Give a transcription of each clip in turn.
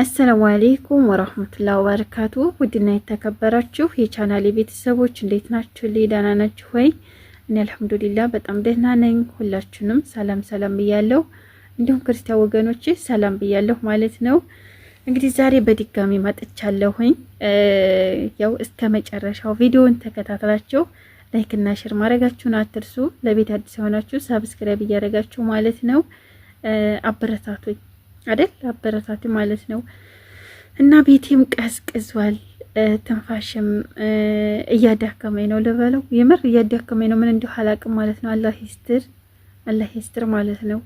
አሰላሙ አሌይኩም ወረህመቱላ ወበረካቱ። ውድና የተከበራችሁ የቻናሌ ቤተሰቦች እንዴት ናችሁ? ደህና ናችሁ ወይ? እኔ አልሐምዱሊላ በጣም ደህና ነኝ። ሁላችሁንም ሰላም ሰላም ብያለሁ። እንዲሁም ክርስቲያን ወገኖች ሰላም ብያለሁ ማለት ነው። እንግዲህ ዛሬ በድጋሚ መጥቻለሁኝ። ያው እስከ መጨረሻው ቪዲዮን ተከታተላችሁ ላይክና ሼር ማድረጋችሁን አትርሱ። ለቤት አዲስ የሆናችሁ ሰብስክራይብ እያደረጋችሁ ማለት ነው አበረታቶች አደል አበረታቱ ማለት ነው። እና ቤቴም ቀዝቅዟል፣ ትንፋሽም እያዳከመኝ ነው ልበለው። የምር እያዳከመኝ ነው። ምን እንዲሁ አላቅም ማለት ነው። አላህ ይስጥር፣ አላህ ይስጥር ማለት ነው።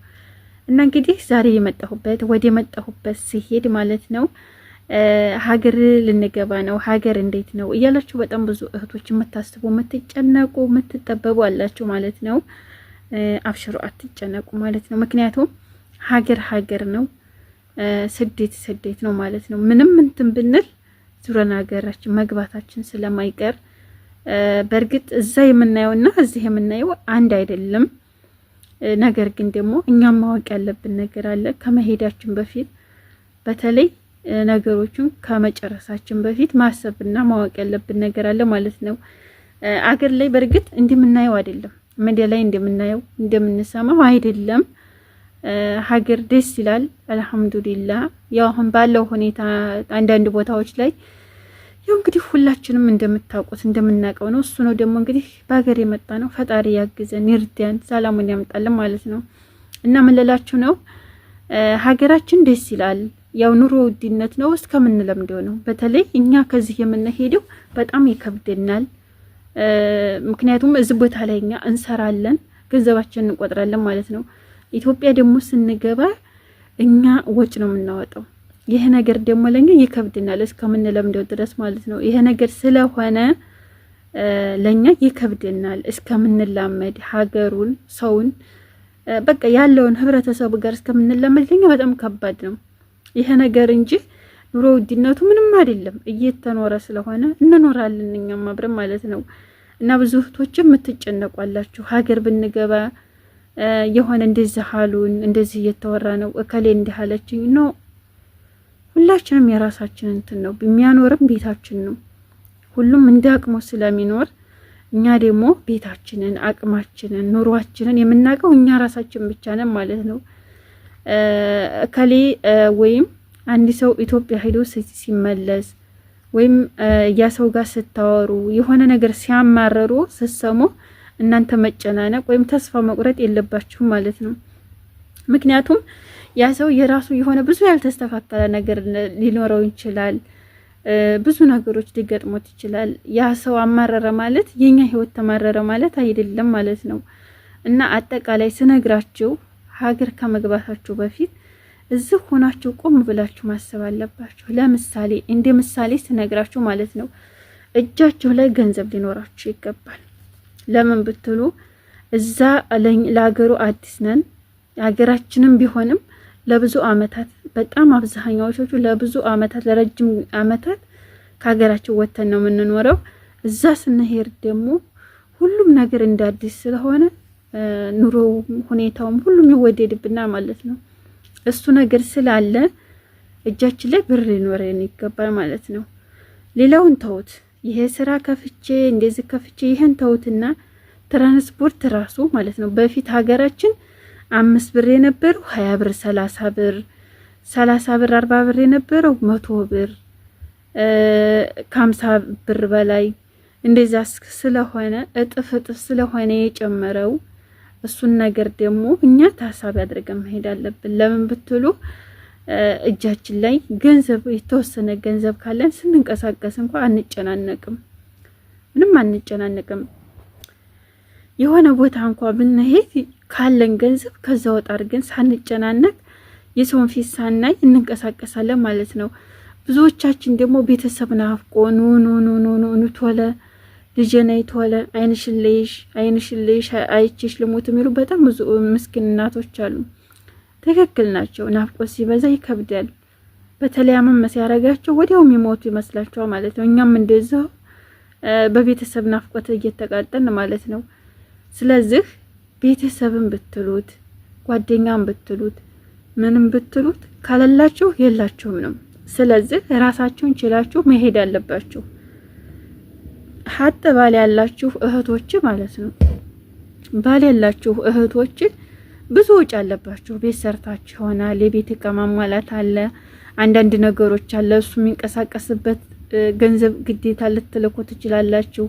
እና እንግዲህ ዛሬ የመጣሁበት ወደ መጣሁበት ሲሄድ ማለት ነው ሀገር ልንገባ ነው። ሀገር እንዴት ነው እያላችሁ በጣም ብዙ እህቶች የምታስቡ የምትጨነቁ፣ የምትጠበቡ አላችሁ ማለት ነው። አብሽሮ አትጨነቁ ማለት ነው። ምክንያቱም ሀገር ሀገር ነው። ስደት ስደት ነው ማለት ነው። ምንም እንትን ብንል ዙረን ሀገራችን መግባታችን ስለማይቀር በእርግጥ እዛ የምናየውና እዚህ የምናየው አንድ አይደለም። ነገር ግን ደግሞ እኛም ማወቅ ያለብን ነገር አለ። ከመሄዳችን በፊት በተለይ ነገሮችን ከመጨረሳችን በፊት ማሰብና ማወቅ ያለብን ነገር አለ ማለት ነው። አገር ላይ በእርግጥ እንደምናየው አይደለም። ምድር ላይ እንደምናየው እንደምንሰማው አይደለም። ሀገር ደስ ይላል። አልሐምዱሊላ ያው አሁን ባለው ሁኔታ አንዳንድ ቦታዎች ላይ ያው እንግዲህ ሁላችንም እንደምታውቁት እንደምናውቀው ነው። እሱ ነው ደግሞ እንግዲህ በሀገር የመጣ ነው። ፈጣሪ ያግዘን፣ ይርዳን፣ ሰላሙን ያምጣልን ማለት ነው እና ምንላችሁ ነው ሀገራችን ደስ ይላል። ያው ኑሮ ውድነት ነው እስከምንለምደው ነው። በተለይ እኛ ከዚህ የምንሄደው በጣም ይከብድናል። ምክንያቱም እዚህ ቦታ ላይ እኛ እንሰራለን፣ ገንዘባችንን እንቆጥራለን ማለት ነው። ኢትዮጵያ ደግሞ ስንገባ እኛ ወጭ ነው የምናወጣው። ይህ ነገር ደግሞ ለኛ ይከብድናል እስከምንለምደው ድረስ ማለት ነው። ይሄ ነገር ስለሆነ ለኛ ይከብድናል እስከምንላመድ ሀገሩን፣ ሰውን በቃ ያለውን ህብረተሰቡ ጋር እስከምንላመድ ለኛ በጣም ከባድ ነው ይሄ ነገር እንጂ ኑሮ ውድነቱ ምንም አይደለም። እየተኖረ ስለሆነ እንኖራለን እኛም አብረን ማለት ነው። እና ብዙ እህቶችም የምትጨነቋላችሁ ሀገር ብንገባ የሆነ እንደዚህ አሉን፣ እንደዚህ እየተወራ ነው፣ እከሌ እንዲህ አለችኝ። ነው። ሁላችንም የራሳችን እንትን ነው የሚያኖርም ቤታችን ነው። ሁሉም እንደ አቅሙ ስለሚኖር እኛ ደግሞ ቤታችንን፣ አቅማችንን፣ ኑሯችንን የምናውቀው እኛ ራሳችን ብቻ ነን ማለት ነው። እከሌ ወይም አንድ ሰው ኢትዮጵያ ሄዶ ሲመለስ ወይም ያ ሰው ጋር ስታወሩ የሆነ ነገር ሲያማረሩ ስትሰሙ እናንተ መጨናነቅ ወይም ተስፋ መቁረጥ የለባችሁም ማለት ነው። ምክንያቱም ያ ሰው የራሱ የሆነ ብዙ ያልተስተካከለ ነገር ሊኖረው ይችላል። ብዙ ነገሮች ሊገጥሞት ይችላል። ያ ሰው አማረረ ማለት የኛ ህይወት ተማረረ ማለት አይደለም ማለት ነው። እና አጠቃላይ ስነግራችሁ ሀገር ከመግባታችሁ በፊት እዚህ ሆናችሁ ቆም ብላችሁ ማሰብ አለባችሁ። ለምሳሌ እንደ ምሳሌ ስነግራችሁ ማለት ነው እጃችሁ ላይ ገንዘብ ሊኖራችሁ ይገባል። ለምን ብትሉ እዛ ለሀገሩ አዲስ ነን። ሀገራችንም ቢሆንም ለብዙ አመታት በጣም አብዛኛዎቹ ለብዙ አመታት ለረጅም አመታት ከሀገራችን ወተን ነው የምንኖረው። እዛ ስንሄድ ደግሞ ሁሉም ነገር እንደ አዲስ ስለሆነ ኑሮ ሁኔታውም ሁሉም ይወደድብና ማለት ነው። እሱ ነገር ስላለ እጃችን ላይ ብር ሊኖረን ይገባል ማለት ነው። ሌላውን ተውት። ይሄ ስራ ከፍቼ እንደዚህ ከፍቼ ይሄን ተውትና ትራንስፖርት ራሱ ማለት ነው። በፊት ሀገራችን አምስት ብር የነበረው ሀያ ብር ሰላሳ ብር ሰላሳ ብር አርባ ብር የነበረው መቶ ብር ከሀምሳ ብር በላይ እንደዛ ስለሆነ እጥፍ እጥፍ ስለሆነ የጨመረው እሱን ነገር ደግሞ እኛ ታሳቢ አድርገን መሄድ አለብን። ለምን ብትሉ እጃችን ላይ ገንዘብ የተወሰነ ገንዘብ ካለን ስንንቀሳቀስ እንኳ አንጨናነቅም፣ ምንም አንጨናነቅም። የሆነ ቦታ እንኳ ብንሄድ ካለን ገንዘብ ከዛ ወጣ አድርገን ሳንጨናነቅ የሰውን ፊት ሳናይ እንንቀሳቀሳለን ማለት ነው። ብዙዎቻችን ደግሞ ቤተሰብ ናፍቆ ኑ ኑ ኑ ኑ ኑ ኑ ቶለ ልጄን አይቶለ አይንሽልሽ አይንሽልሽ አይቼሽ ልሞት የሚሉ በጣም ብዙ ምስኪን እናቶች አሉ። ትክክል ናቸው። ናፍቆት ሲበዛ ይከብዳል። በተለይ አመመ ሲያደርጋቸው ወዲያው የሚሞቱ ይመስላቸዋል ማለት ነው። እኛም እንደዛው በቤተሰብ ናፍቆት እየተቃጠን ማለት ነው። ስለዚህ ቤተሰብን ብትሉት ጓደኛን ብትሉት ምንም ብትሉት ካለላችሁ የላችሁም ነው። ስለዚህ ራሳችሁን ችላችሁ መሄድ አለባችሁ። ሀጥ ባል ያላችሁ እህቶች ማለት ነው ባል ያላችሁ እህቶችን ብዙ ወጪ አለባችሁ። ቤት ሰርታችሁ ይሆናል። የቤት እቃ ማሟላት አለ፣ አንዳንድ ነገሮች አለ። እሱ የሚንቀሳቀስበት ገንዘብ ግዴታ ልትልኩ ትችላላችሁ።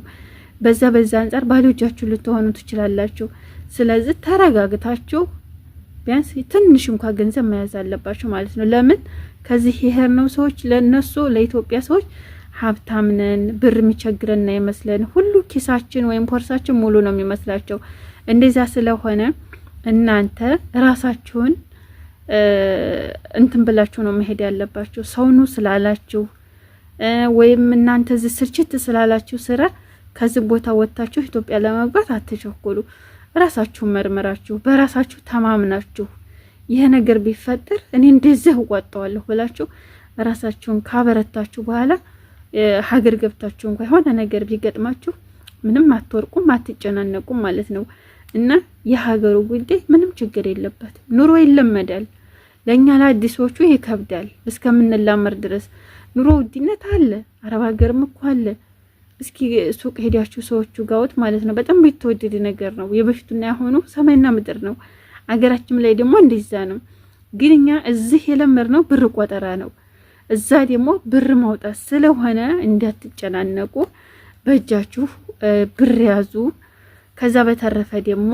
በዛ በዛ አንጻር ባዶ እጃችሁ ልትሆኑ ትችላላችሁ። ስለዚህ ተረጋግታችሁ ቢያንስ ትንሽ እንኳ ገንዘብ መያዝ አለባችሁ ማለት ነው። ለምን ከዚህ ይሄር ነው ሰዎች ለነሱ ለኢትዮጵያ ሰዎች ሀብታም ነን ብር የሚቸግረን አይመስለን ሁሉ ኪሳችን ወይም ፖርሳችን ሙሉ ነው የሚመስላቸው እንደዚያ ስለሆነ እናንተ ራሳችሁን እንትን ብላችሁ ነው መሄድ ያለባችሁ። ሰውኑ ስላላችሁ ወይም እናንተ እዚህ ስርችት ስላላችሁ ስራ ከዚህ ቦታ ወጥታችሁ ኢትዮጵያ ለመግባት አትቸኩሉ። ራሳችሁ መርምራችሁ በራሳችሁ ተማምናችሁ ይሄ ነገር ቢፈጠር እኔ እንደዚህ እዋጣዋለሁ ብላችሁ ራሳችሁን ካበረታችሁ በኋላ ሀገር ገብታችሁ እንኳ የሆነ ነገር ቢገጥማችሁ ምንም አትወርቁም፣ አትጨናነቁም ማለት ነው። እና የሀገሩ ጉዳይ ምንም ችግር የለበት። ኑሮ ይለመዳል። ለእኛ ለአዲሶቹ ይከብዳል እስከምንላመር ድረስ ኑሮ ውድነት አለ። አረብ ሀገርም እኮ አለ። እስኪ ሱቅ ሄዳችሁ ሰዎቹ ጋውት ማለት ነው። በጣም የተወደደ ነገር ነው። የበፊቱና ያሆኑ ሰማይና ምድር ነው። አገራችን ላይ ደግሞ እንደዛ ነው። ግን እኛ እዚህ ነው ብር ቆጠራ ነው። እዛ ደግሞ ብር ማውጣት ስለሆነ እንዳትጨናነቁ፣ በእጃችሁ ብር ያዙ። ከዛ በተረፈ ደግሞ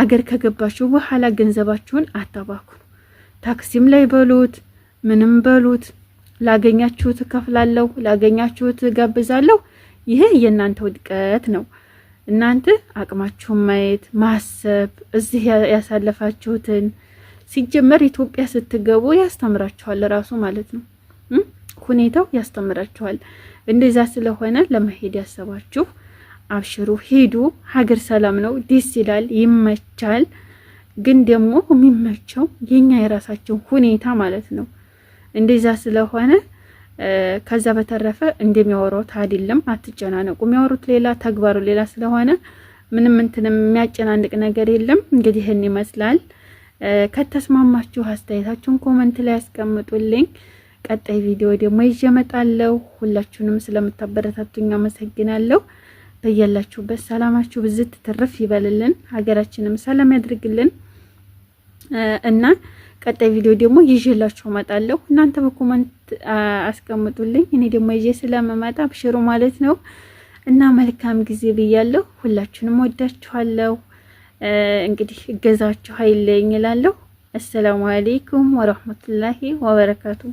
አገር ከገባችሁ በኋላ ገንዘባችሁን አታባክኑ። ታክሲም ላይ በሉት ምንም በሉት ላገኛችሁት እከፍላለሁ፣ ላገኛችሁት ጋብዛለሁ። ይሄ የእናንተ ውድቀት ነው። እናንተ አቅማችሁን ማየት ማሰብ፣ እዚህ ያሳለፋችሁትን ሲጀመር ኢትዮጵያ ስትገቡ ያስተምራችኋል ራሱ ማለት ነው። ሁኔታው ያስተምራችኋል። እንደዛ ስለሆነ ለመሄድ ያሰባችሁ አብሽሩ ሂዱ፣ ሀገር ሰላም ነው፣ ደስ ይላል፣ ይመቻል። ግን ደግሞ የሚመቸው የኛ የራሳችን ሁኔታ ማለት ነው። እንደዛ ስለሆነ ከዛ በተረፈ እንደሚያወሩት አይደለም፣ አትጨናነቁ። የሚያወሩት ሌላ፣ ተግባሩ ሌላ ስለሆነ ምንም እንትን የሚያጨናንቅ ነገር የለም። እንግዲህ ይህን ይመስላል። ከተስማማችሁ አስተያየታችሁን ኮመንት ላይ ያስቀምጡልኝ። ቀጣይ ቪዲዮ ደግሞ ይዤ እመጣለሁ። ሁላችሁንም ስለምታበረታቱኝ አመሰግናለሁ። በያላችሁበት ሰላማችሁ ብዝት ትርፍ ይበልልን፣ ሀገራችንም ሰላም ያድርግልን እና ቀጣይ ቪዲዮ ደግሞ ይዤላችሁ እመጣለሁ። እናንተ በኮመንት አስቀምጡልኝ፣ እኔ ደግሞ ይዤ ስለምመጣ ብሽሩ ማለት ነው። እና መልካም ጊዜ ብያለሁ። ሁላችሁንም ወዳችኋለሁ። እንግዲህ እገዛችሁ ኃይለኝ እላለሁ። አሰላሙ አለይኩም ወረህመቱላሂ ወበረካቱሁ።